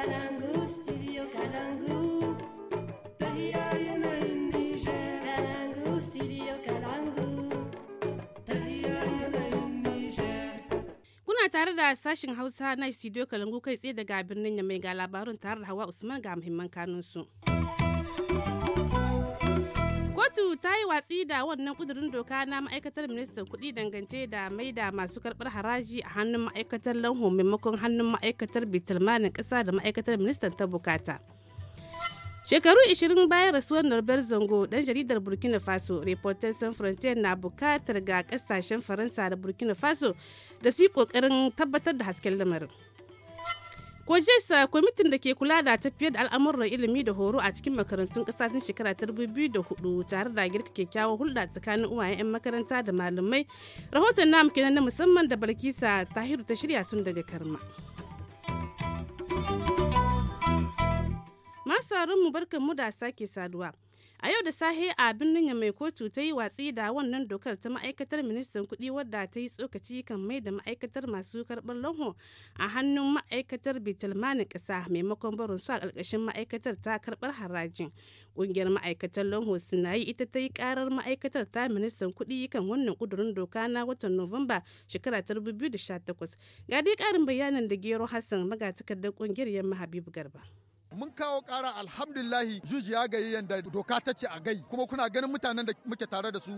Kalangu, studio Kalangu. Tahiya yanayin Nijar. Kalangu, studio Kalangu. Tahiya yanayin Nijar. Kuna tare da sashin Hausa na studio Kalangu kai tsaye daga birnin Yamai ga labarin tare da Hawa Usman ga muhimman kanunsu. su. ta yi watsi da wannan kudurin doka na ma'aikatar ministan kuɗi dangance da maida masu karɓar haraji a hannun ma'aikatar lanho maimakon hannun ma'aikatar bitalmanin kasa da ma'aikatar ministan ta bukata. shekaru 20 bayan rasuwar norbert zongo dan jaridar burkina faso reporters sans frontier na bukatar ga kasashen faransa da burkina faso da su yi kokarin tabbatar da hasken lamarin Ko Jesa uh, kwamitin da ke kula da tafiyar da al'amuran ilimi da horo a cikin makarantun ƙasa tun shekara ta hudu tare da girka kyakkyawar hulɗa tsakanin uwayen 'yan makaranta da malamai. Rahoton namu kenan na musamman da Balkisa Tahiru ta shirya tun daga Karma. Masu mu barkan mu da sake saduwa. A yau da sahe a birnin mai kotu ta yi watsi da wannan dokar ta ma'aikatar ministan kuɗi wadda ta yi tsokaci kan mai da ma'aikatar masu karɓar lanho a hannun ma'aikatar bitalmanin ƙasa maimakon barin su a ƙarƙashin ma'aikatar ta karɓar harajin. Ƙungiyar ma'aikatar lanho suna yi ita ta yi ƙarar ma'aikatar ta ministan kuɗi kan wannan ƙudurin doka na watan Nuwamba shekara ta 2018. Ga dai ƙarin bayanin da Gero Hassan magatakardar ƙungiyar Yamma Habibu Garba. mun kawo kara alhamdulillahi juji ya gayi yanda doka ta ce a gai kuma kuna ganin mutanen da muke tare da su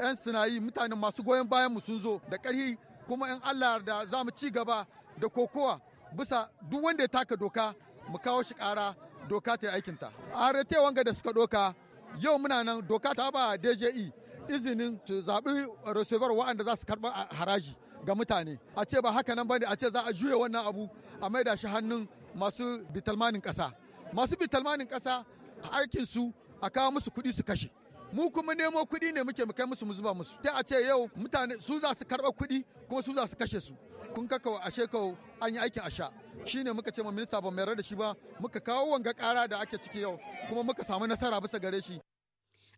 yan sinayi mutanen masu goyon bayan mu sun zo da karhi kuma yan Allah da za mu ci gaba da kokowa bisa duk wanda ya taka doka mu kawo shi kara doka ta yi aikinta. A rete wanga da suka doka yau muna nan doka ta ba DJE izinin su zaɓi receiver waɗanda za su karɓa haraji ga mutane a ce ba haka nan ba ne a ce za a juya wannan abu a maida shi hannun masu bitalmanin kasa masu bitalmanin kasa aikin su a kawo musu kuɗi su kashe mu kuma nemo kuɗi ne muke kai musu mu zuba musu ta a ce yau mutane su za su karɓa kuɗi kuma su za su kashe su kun kaka ashe kawo an yi aikin asha shine muka ce ma minista ba mai da shi ba muka kawo wanga ƙara da ake ciki yau kuma muka samu nasara bisa gare shi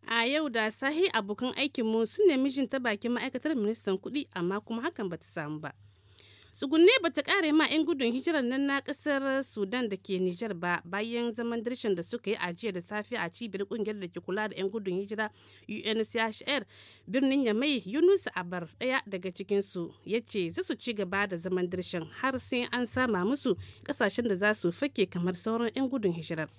a yau da sahi abokan aikinmu su ne mijin bakin ma'aikatar ministan kuɗi amma kuma hakan bata samu ba. tsugunne ba ta kare ma 'yan gudun hijirar nan na kasar sudan da ke nijar ba bayan zaman dirshin da suka yi a jiya da safe a cibiyar kungiyar da ke kula da 'yan gudun hijira unchr birnin yamai yunus abar daya daga cikinsu ya ce za su ci gaba da zaman dirshin har sai an sama musu kasashen da za su fake kamar sauran 'yan gudun hijirar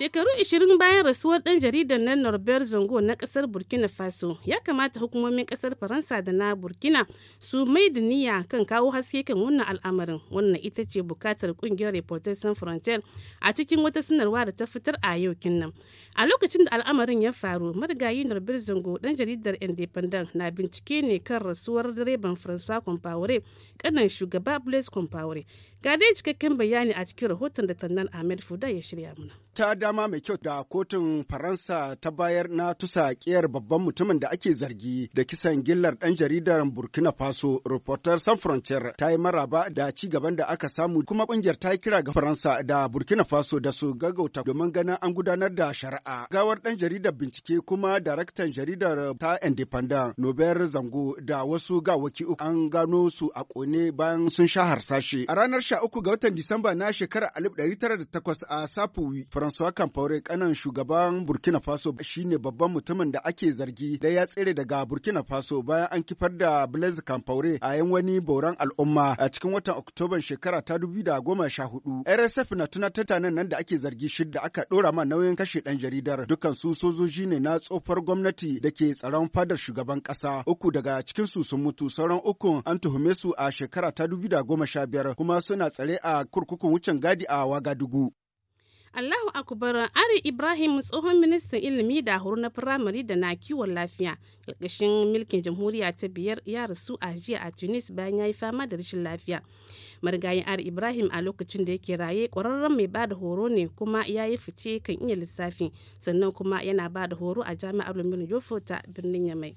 Shekaru 20 bayan rasuwar ɗan jaridar nan Norbert Zongo na ƙasar Burkina Faso, ya kamata hukumomin ƙasar Faransa da na Burkina su mai da niyya kan kawo haske kan wannan al'amarin. Wannan ita ce bukatar ƙungiyar Reporters Sans Frontières a cikin wata sanarwa da ta fitar a yau kinnan. A lokacin da al'amarin ya faru, marigayi Norbert Zongo ɗan jaridar Independent na bincike ne kan rasuwar direban François Compaoré, kanan shugaba Blaise Compaoré. Ga dai cikakken bayani a cikin rahoton da Tannan Ahmed Fuda ya shirya mana. ta dama mai kyau da kotun Faransa ta bayar na tusa kiyar babban mutumin da ake zargi da kisan gillar ɗan jaridar Burkina Faso, Reporter San Frontier ta yi maraba da ci gaban da aka samu kuma ƙungiyar ta kira ga Faransa da Burkina Faso da su gaggauta domin ganin an gudanar da shari'a. Gawar ɗan jaridar bincike kuma daraktan jaridar ta Independent Nobel Zango da wasu gawaki uku an gano su a kone bayan sun sha harsashe. A ranar uku ga watan Disamba na shekarar alif tara da takwas a Sapuwi, François Kamfaure kanan shugaban Burkina Faso shine babban mutumin da ake zargi da ya tsere daga Burkina Faso bayan an kifar da Blaise Kamfaure a yan wani boran al'umma a cikin watan Oktoban shekara ta hudu. RSF na tuna tanan nan da ake zargi shidda aka dora ma nauyin kashe dan jaridar dukan su sojoji ne na tsofar gwamnati da ke tsaron fadar shugaban kasa uku daga cikin su sun mutu sauran uku an tuhume su a shekara ta biyar kuma suna tsare a kurkukun wucin gadi a Wagadugu. Allahu Akbar Ari Ibrahim tsohon ministan ilimi da horo na firamare da na kiwon lafiya ƙarƙashin milkin jamhuriya ta biyar ya rasu a jiya a Tunis bayan ya yi fama da rashin lafiya. Marigayin Ari Ibrahim a lokacin da yake raye ƙwararren mai bada horo ne kuma ya yi fice kan iya lissafi sannan kuma yana bada horo a jami'ar Lumin Yofo ta birnin Yamai.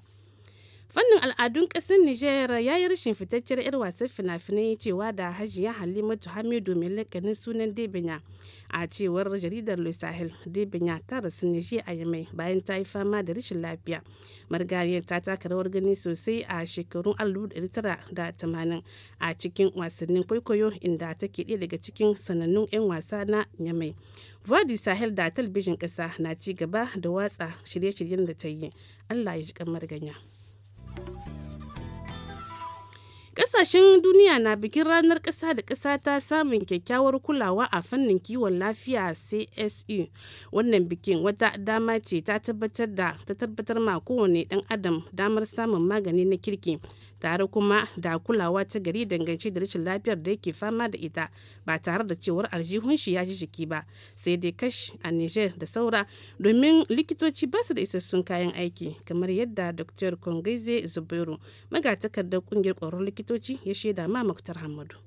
fannin al'adun ƙasar nijar ya yi rashin fitacciyar 'yar wasan fina-finai cewa da hajiya Halima hamidu mai lakanin sunan debinya a cewar jaridar louis sahel debinya ta rasu nijar a yamai bayan ta yi fama da rashin lafiya margariya ta taka rawar gani sosai a shekarun 1980 a cikin wasannin kwaikwayo inda take ɗaya daga cikin sanannun 'yan wasa na yamai Vadi Sahel da talabijin ƙasa na ci gaba da watsa shirye-shiryen da ta yi. Allah ya ji kamar ganya. Ƙasashen duniya na bikin ranar ƙasa da ƙasa ta samun kyakkyawar kulawa a fannin kiwon lafiya cse Wannan bikin wata dama ce ta tabbatar da ta tabbatar ma kowane ɗan adam damar samun magani na kirki tare kuma da kulawa ta gari dangance da rashin lafiyar da yake fama da ita ba tare da cewar aljihun shi ya ji jiki ba sai dai kash a niger da saura domin likitoci ba su da isassun kayan aiki kamar yadda dr kongaize zubairu magatakardar kungiyar kwaron likitoci ya shaida ma muktar hamadu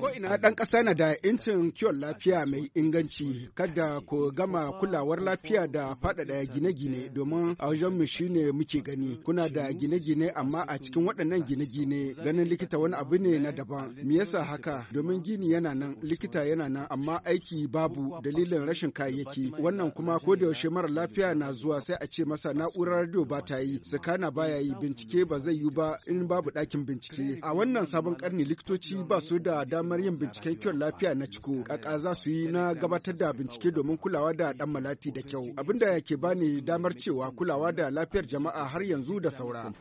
Ko ina ɗan ƙasa na da incin kiwon lafiya mai inganci kada ku gama kulawar lafiya da faɗaɗa gine-gine domin a wajen mu shine muke gani kuna da gine-gine amma a cikin waɗannan gine-gine ganin likita wani abu ne na daban me yasa haka domin gini yana nan likita yana nan amma aiki babu dalilin rashin kayayyaki wannan kuma ko da yaushe mara lafiya na zuwa sai a ce masa na'urar radio ba ta yi sakana baya yi bincike ba zai yi ba in babu ɗakin bincike a wannan sabon karni likita. likitoci ba su da damar yin binciken kyau lafiya na ciko kaka za su yi na gabatar da bincike domin kulawa da dan malati da kyau abinda ke bani damar cewa kulawa da lafiyar jama'a har yanzu da saura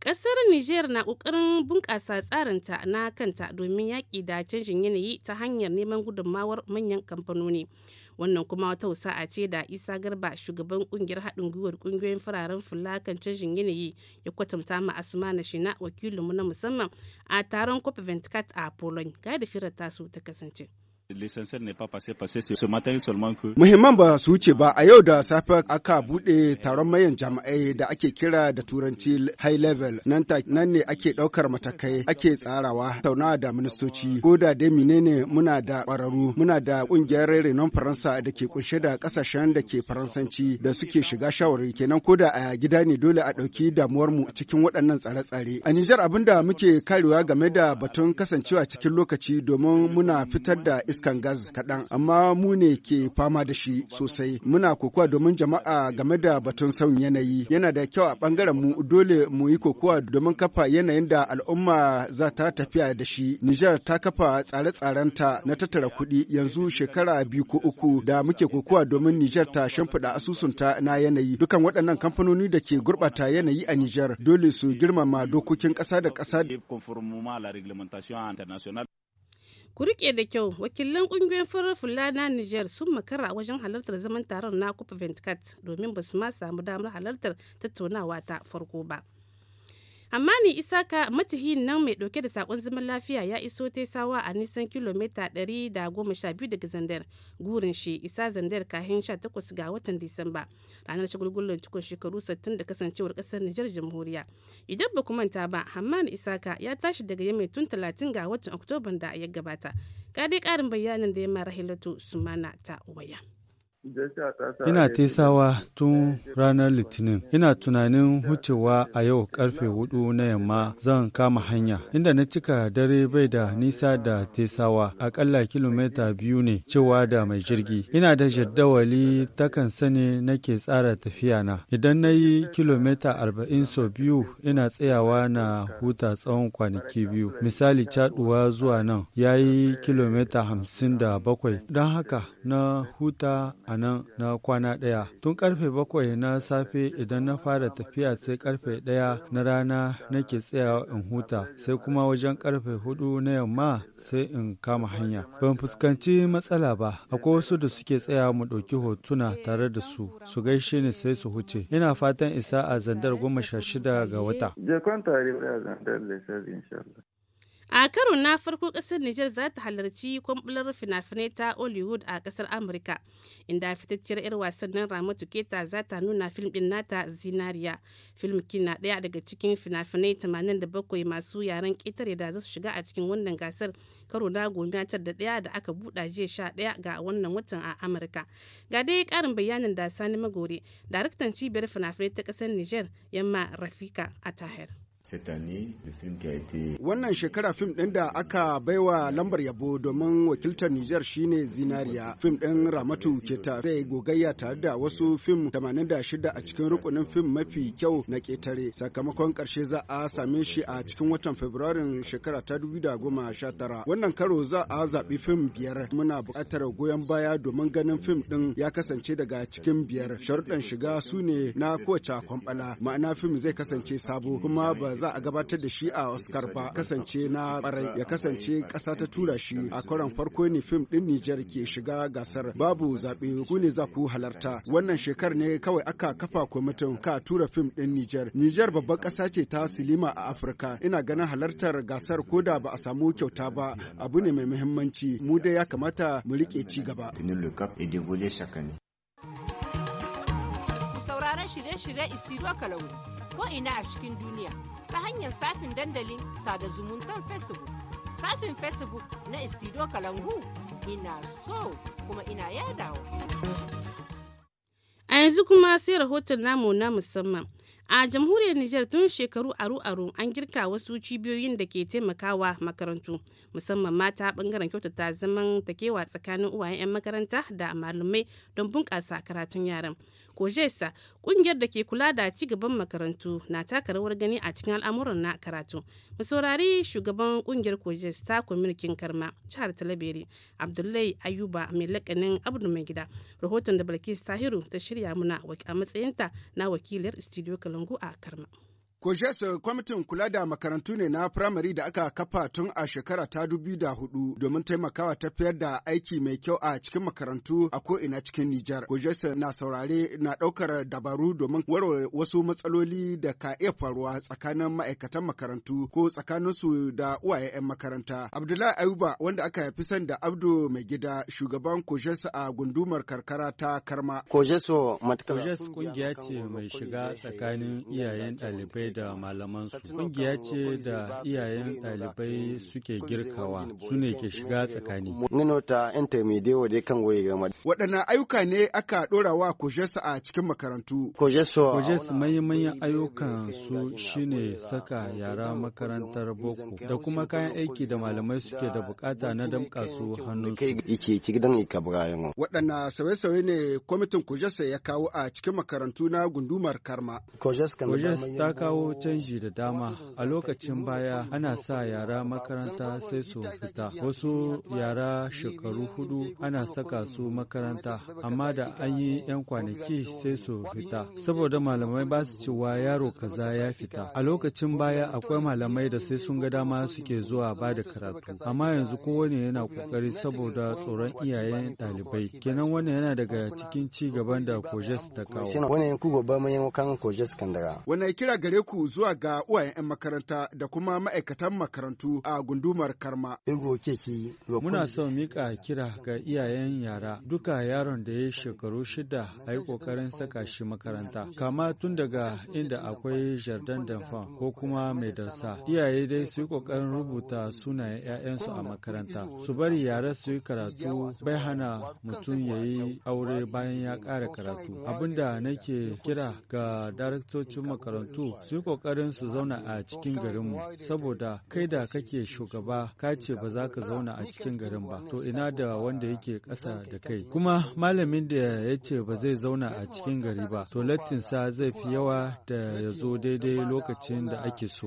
Ƙasar Nijar na ƙoƙarin bunƙasa tsarinta na kanta domin yaƙi da canjin yanayi ta hanyar neman gudunmawar manyan kamfanoni. wannan kuma wata sa'a ce da isa garba shugaban kungiyar haɗin gwiwar kungiyoyin fararen fula kan canjin yanayi ya kwatanta ma asuma na shina wakilinmu na musamman a taron cop 24 a poland ga da firar tasu ta kasance. muhimman ba su wuce ba a yau da safe aka bude taron mayan jama'ai da ake kira da turanci high level nan nan ne ake daukar matakai ake tsarawa tauna da ministoci ko da dai menene muna da kwararru muna da kungiyar renon faransa da ke kunshe da kasashen da ke faransanci da suke shiga shawari kenan ko da a gida ne dole a dauki damuwar mu cikin waɗannan tsare-tsare a Nijar abinda muke karewa game da batun kasancewa cikin lokaci domin muna fitar da iskan gas kaɗan amma mu ne ke fama da shi sosai muna kokowa domin jama'a game da batun sauyin yanayi yana da kyau a ɓangaren mu dole mu yi kokowa domin kafa yanayin da al'umma za ta tafiya da shi Nijar ta kafa tsare tsaren ta na tattara kuɗi yanzu shekara biyu ko uku da muke kokowa domin Nijar ta shimfiɗa asusunta na yanayi dukan waɗannan kamfanoni da ke gurɓata yanayi a Nijar dole su girmama dokokin ƙasa da ƙasa ku rike da kyau wakilan kungiyoyin farar na niger sun makara wajen halartar zaman taron na kupa domin ba su ma samu damar halartar tattaunawa ta farko ba amma ni isaka matihin nan mai dauke da sakon zaman lafiya ya iso taisawa a nisan kilomita 112 daga zandar gurin shi isa zandar kahin 18 ga watan disamba ranar shagulgullon cikon shekaru 60 da kasancewar kasar nijar jamhuriya idan ba manta ba hamman isaka ya tashi daga yamai tun 30 ga watan oktoban da ya gabata dai karin bayyanin da ya mara hilatu sumana ta waya. Ina tesawa tun ranar Litinin. Ina tunanin hucewa a yau karfe hudu na yamma zan kama hanya. Inda na cika dare bai da nisa da tesawa akalla kilomita biyu ne cewa da mai jirgi. Ina da jaddawali takan sani nake tsara tafiya na. Idan na yi kilomita arba'in so biyu ina tsayawa na huta tsawon kwanaki biyu. Misali caduwa zuwa nan ya yi kilomita hamsin da bakwai. Don haka na huta a nan na kwana ɗaya. Tun karfe bakwai na safe idan na fara tafiya sai karfe ɗaya na rana nake tsayawa in huta sai kuma wajen karfe hudu na yamma sai in kama hanya. Ban fuskanci matsala ba, akwai wasu da suke tsayawa mu ɗauki hotuna tare da su, su gaishe ni sai su huce. Ina fatan isa a zandar goma sha shida ga wata. a karo na farko kasar niger za ta halarci kwambular fina-finai ta hollywood a kasar amurka inda fitacciyar 'yar wasan nan ramatu keta za ta nuna fim din nata zinariya film na daya daga cikin fina-finai 87 masu yaren ketare da za su shiga a cikin wannan gasar karo na gomiyatar da daya da aka buɗa jiya sha daya ga wannan watan a amurka ga dai karin bayanin da sani magore daraktan cibiyar fina-finai ta kasar niger yamma rafika a tahir Wannan shekara fim ɗin da aka baiwa lambar yabo domin wakiltar Nijar shine Zinariya. Fim ɗin Ramatu Keta zai gogayya tare da wasu fim 86 a cikin rukunin fim mafi kyau na ƙetare. Sakamakon ƙarshe za a same shi a cikin watan Fabrairun shekara ta 2019. Wannan karo za a zaɓi fim biyar. Muna buƙatar goyon baya domin ganin fim ɗin ya kasance daga cikin biyar. Sharuɗan shiga su ne na kowace kwamfala. Ma'ana fim zai kasance sabo kuma ba za a gabatar da shi a Oscar ba kasance na barai ya kasance kasa ta tura shi a karon farko ne fim ɗin Nijar ke shiga gasar babu zaɓe ku ne za ku halarta wannan shekar ne kawai aka kafa kwamitin ka tura fim ɗin Nijar. Nijar babban ƙasa ce ta silima a Afirka ina ganin halartar gasar ko da ba a samu kyauta ba abu ne mai muhimmanci mu dai ya kamata mu riƙe ci gaba. saurari shirye shiryen Istiro Kalau ko ina a cikin duniya ta hanyar safin dandalin sada zumuntar facebook safin facebook na istido kalangu ina so kuma ina yadawa a yanzu kuma sai rahoton namu na musamman a jamhuriyar Nijar tun shekaru aru-aru an girka wasu cibiyoyin da ke taimakawa makarantu musamman mata bangaren kyautata zaman takewa tsakanin uwayen 'yan makaranta da malamai don bunƙasa karatun yaran kojesa kungiyar da ke kula da ci gaban makarantu na taka rawar gani a cikin al'amuran na karatu mu saurari shugaban kungiyar kojes ta kwamitin karma jihar talabere abdullahi ayuba mai lakanin abdu mai gida rahoton da balkis tahiru ta shirya muna a matsayinta na wakiliyar studio kalangu a karma Kojes eh, kwamitin kula da makarantu ne na firamare da aka kafa tun a shekara ta da hudu domin taimakawa tafiyar da aiki mai kyau a cikin makarantu a ko'ina cikin Nijar. Kojes eh, na saurare na ɗaukar dabaru domin warware wasu matsaloli da ka iya faruwa tsakanin ma'aikatan makarantu ko tsakanin su da uwaye 'yan makaranta. Abdullahi Ayuba wanda aka fi san da Abdu mai gida shugaban Kojes a gundumar karkara ta Karma. Kojes oh, kungiya ce mai shiga tsakanin iyayen ɗalibai da malamansu kungiya ce da iyayen ɗalibai suke girkawa su ne ke shiga tsakani. Waɗannan ayyuka ne aka ɗora wa Kojesa a cikin makarantu. Kojes manyan ayyukan su shine saka yara makarantar boko da kuma kayan aiki da malamai suke da bukata na damka su hannun su. sauye-sauye ne kwamitin Kojes ya kawo a cikin makarantu na gundumar Karma. ta kawo kawo canji da dama a lokacin baya ana sa yara makaranta sai su fita wasu yara shekaru hudu ana saka su makaranta amma da an yi 'yan kwanaki sai su fita saboda malamai ba su cewa yaro kaza ya fita a lokacin baya akwai malamai da sai sun ga dama suke zuwa ba da karatu amma yanzu kowane yana kokari saboda tsoron iyayen ɗalibai kenan wannan yana daga cikin ci gaban da kojes ta kawo wannan kira gare ku zuwa ga uwayen 'yan makaranta da kuma ma'aikatan makarantu a gundumar Karma. Muna son mika kira ga iyayen yara duka yaron da ya shekaru shida a yi ƙoƙarin saka shi makaranta. Kama tun daga inda akwai jardin damfan ko kuma mai dansa. Iyaye dai su yi ƙoƙarin rubuta sunayen 'ya'yansu a makaranta. Su bari yara su yi karatu bai hana mutum ya yi aure bayan ya ƙara karatu. Abinda nake kira ga daraktocin makarantu su yi ƙoƙarin su zauna a cikin garinmu saboda kai da kake shugaba ka ce ba za ka zauna a cikin garin ba to ina da wanda yake ƙasa da kai kuma malamin da ya ce ba zai zauna a cikin gari ba to lattinsa zai fi yawa da ya zo daidai lokacin da ake so.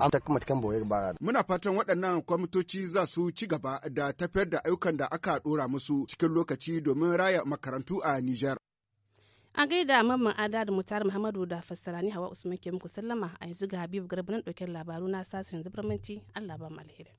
Muna fatan waɗannan kwamitoci za su ci gaba da tafiyar da ayyukan da aka ɗora musu cikin lokaci domin raya makarantu a Nijar. a gaida mamman ada da mutar muhammadu da fassarani hawa usman ke muku sallama a yanzu ga habibu garba nan ɗauke labaru na sasin minti allah ba mu alheri